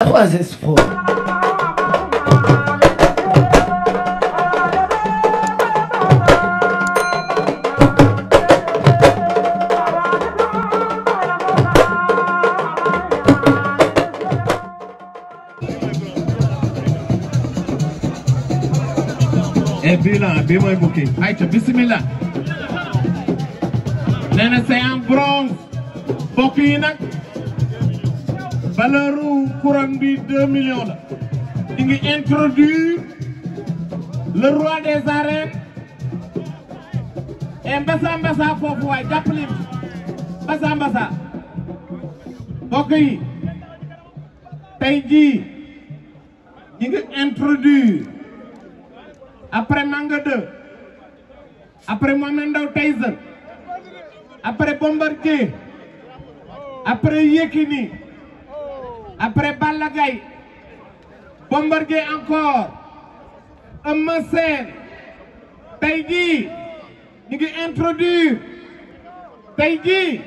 That eh, was his fault. et bii la bii mooy e bukki ayca bismillah nee na c'est en bronze bokk yi nag valeur courant bi deux millions la ñu ngi introduire le roi des arènes foofu waay jàppale mbasa mbasa mbokk yi tey jii ñu ngi introduire après Manga 2 après Mohamed Ndao Tyson après Bombardier après Yékini après Balla Gaye Bombardier encore Eumeu Sène tey jii ñu ngi introduire jii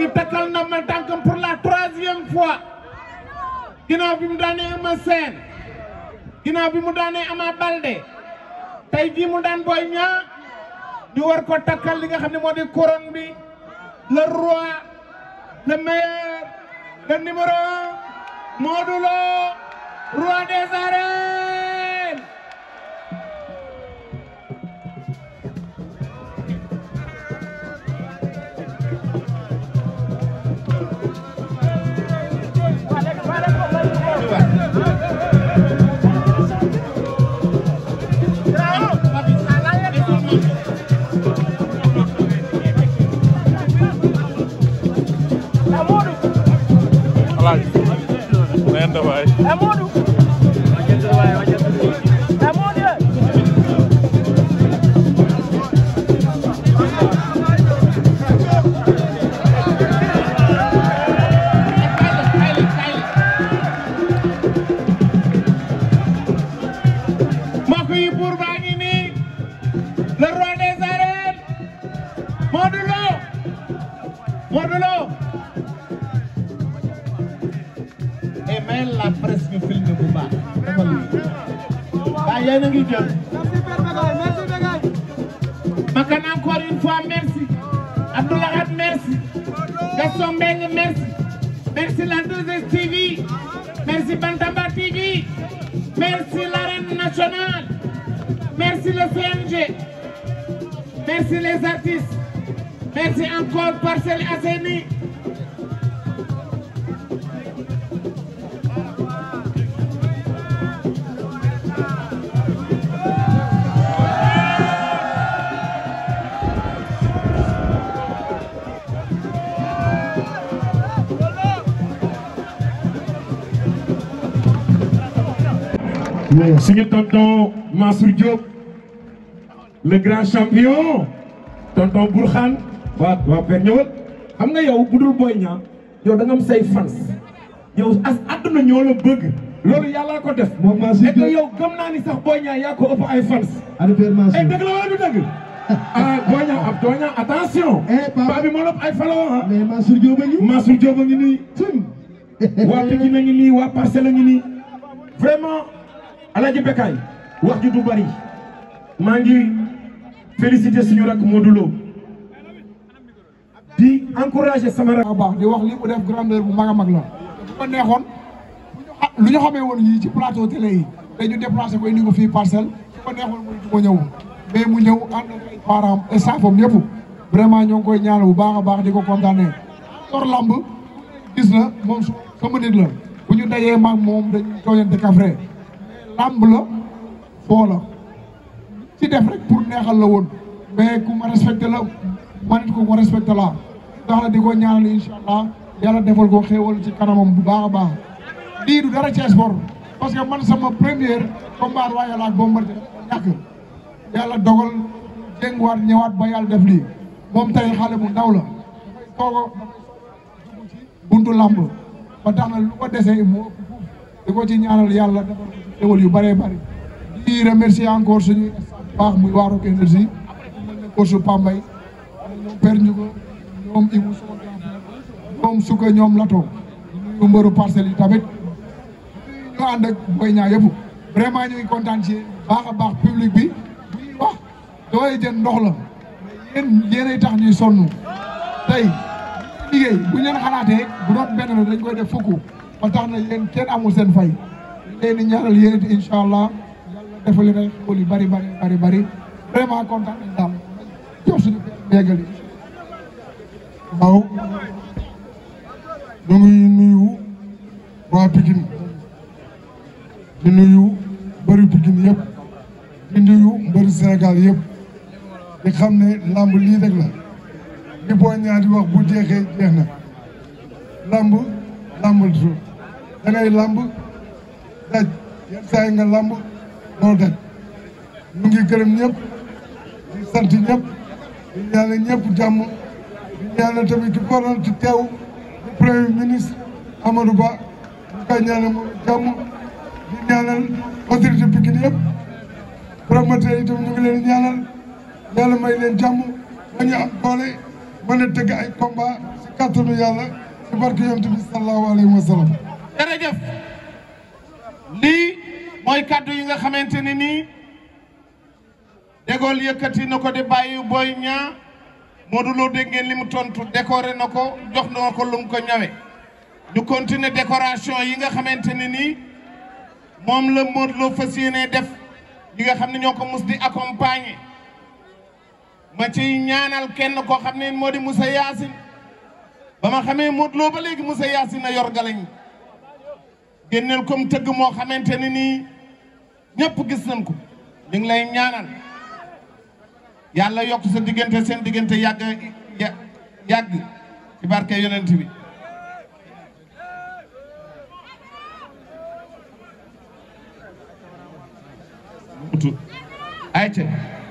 ñu takkal na ma tànkam pour la troisième fois ginnaaw bi mu daanee Eumeu Sène ginnaaw bi mu daanee Ama Baldé tey jii mu daan Boy Niang ñu war ko takkal li nga xam ne moo di couronne bi le roi le meilleur le numéro Modou Lo roi des arènes yéen a ngi jël. Makan encore une fois merci. Abdoulahat merci. Gaston Mbengue merci. merci la 2STV. merci Bantamba TV. merci l'arène nationale. merci le CNG. merci les artistes. merci encore Parcelles Assainies. suñu tonton Mansour Diop le grand champion tonton Bourkhane waa waa père ñëwal xam nga yow bu dul Boy Niang yow da nga am say fans yow as àdduna ñoo la bëgg loolu yàlla ko def. moom Mansour moo la ay a ngi. Ah. a ngi nii. waa Pikine a ngi nii waa Parcelles a ngi nii Alaaji Bekkaay wax ji du bari maa ngi félicité ñu rakk Modou Lo di encouragé sama rakk baax di wax li mu def grandeur bu mag a mag la fa neexoon lu ñu xamee woon yii ci plateau télé yi dañu déplacé ko indi ko fii parcelle ma neexoon muy du ñëw mais mu ñëw ànd ak ay parents et ñoo ngi koy ñaanal bu baax a baax di ko kontaanee tor lamb gis na moom sama nit la bu ñu dajee maag moom dañu tooñante kafre làmb la foo la ci def rek pour neexal la woon mais ku ma respecté la ma ko ku ma respecté la ndax la di ko ñaanal li allah yàlla defal ko xéewal ci kanamam bu baax a baax lii du dara ci sport parce que man sama première combat royal ak Bombardier ñàkk yàlla dogal jénguwaat ñëwaat ba yàlla def lii moom tey xale bu ndaw la dafay toog a ba tax na lu ko desee moo di ko ci ñaanal yàlla defal ko ci yu bëree bëri di remercier encore suñu baax muy waa Rock Énergie mel ne coach Pambay ñoom per ñu ko ñoom Ibou sama ñoom Suka ñoom Lato ñu mbëru parcelles yi tamit ñu ànd ak boy ñaa yëpp vraiment ñu ngi kontaan ci baax a bi bu wax dooy jën ndox la yéen yéenay tax ñuy sonn tey liggéey bu ñu leen xalaatee bu doon benn la dañ koy def fukk ba tax na yéen kenn amul seen fay leen di ñaanal yéen it incha allah yàlla defal leen ay xéwal yu bari bari bari bari vraiment kontaan nañ daal jox suñu béykat yi. waaw ñu ngi nuyu waa Pikine di nuyu mbëri Pikine yëpp di nuyu mbëri Sénégal yëpp di xam ne làmb lii rek la li boo ñaari wax bu jeexee jeex na làmb làmb da ngay làmb daj yi nga làmb doo daj ngi gërëm ñëpp di sant ñëpp di ñaanal ñëpp jàmm di ñaanal tamit ki waroon ci teew di premier ministre Amadou Ba ñu koy ñaanal moom jàmm di ñaanal autorité Pikine yëpp promoteur yi tamit ñu ngi leen ñaanal yàlla may leen am doole mën a tëgg ay combat si kàttanu yàlla si barke yonent bi sallallahu alayhi wa sallam jërëjëf lii mooy kàddu yi nga xamante ne nii dégool yëkkati na ko di bàyyi booy ñaa Modou Lo dégg ngeen li mu tontu décoré na ko jox na ko lu mu ko ñawe ñu continuer décoration yi nga xamante ne nii moom la Modou Lo yéene def ñi nga xam ne ñoo ko mus di accompagner ma ciy ñaanal kenn ko xam ne moo di Moussa Yacine ba ma xamee Modou Lo ba léegi Moussa Yacine a yor galañ génneel comme tëgg moo xamante ne nii ñëpp gis nañ ko ñu ngi lay ñaanal yàlla yokk sa diggante seen diggante yàgg yàgg ci barke yonent bi ay ayca